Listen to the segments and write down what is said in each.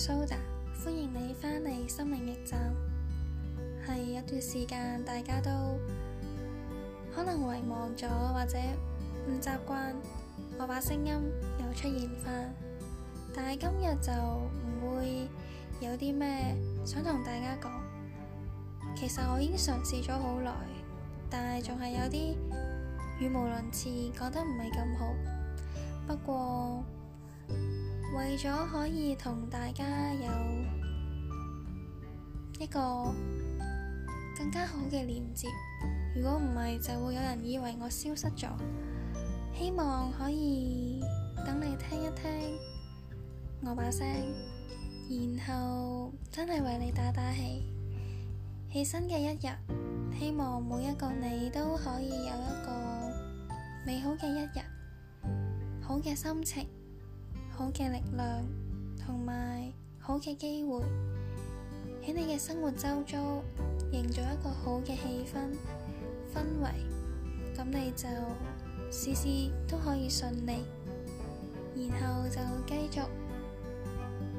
蘇達，so、that, 歡迎你翻嚟心靈驛站。係有段時間大家都可能遺忘咗或者唔習慣，我把聲音又出現翻。但係今日就唔會有啲咩想同大家講。其實我已經嘗試咗好耐，但係仲係有啲語無倫次，講得唔係咁好。不過。為咗可以同大家有一個更加好嘅連接，如果唔係就會有人以為我消失咗。希望可以等你聽一聽我把聲，然後真係為你打打氣。起身嘅一日，希望每一個你都可以有一個美好嘅一日，好嘅心情。好嘅力量同埋好嘅機會，喺你嘅生活周遭營造一個好嘅氣氛氛圍，咁你就事事都可以順利，然後就繼續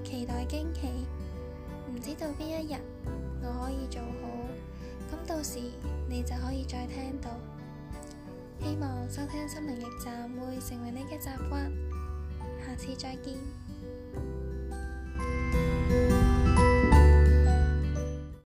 期待驚喜。唔知道邊一日我可以做好，咁到時你就可以再聽到。希望收聽《心靈驛站》會成為你嘅習慣。下次再見。